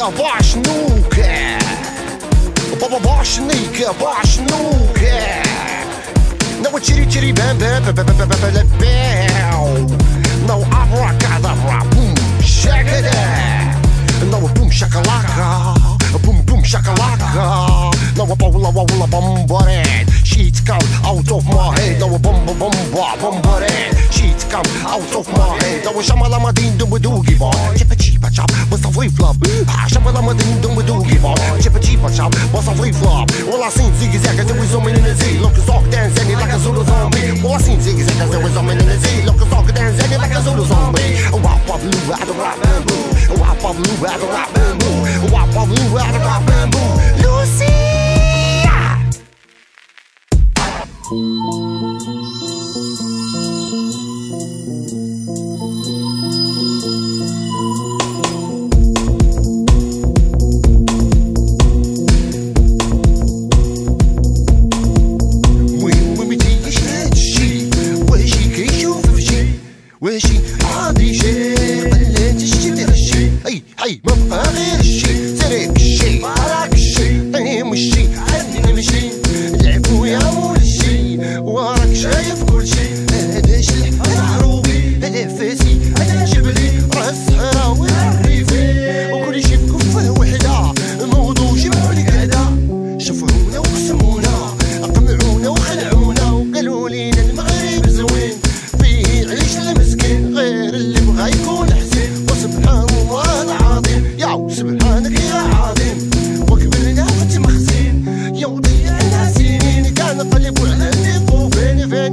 Başnıka, başnuka Baba başnıka, başnuka Now a chitty chitty bam bam bam bam bam bam bam bam Now abracadabra, boom, shakada Now a boom shakalaka, boom boom shakalaka Now a bowla wowla bumbaret Sheets come out of my head Now a bumba bumba bumbaret Sheets come out of my head Now a shamalama ding dum a doogie boy flip flop Așa pe la mă din dâmbă give up. hop Ce pe cipa așa, boss on flip flop All I seen ziggy zack as there was zooming in the Z Look a sock dance and like a Zulu zombie All I seen ziggy zack as there was zooming in the Z Look a sock dance and like a Zulu zombie Wop wop loo, I don't rap bamboo Wop wop loo, I don't rap bamboo Hey, mama.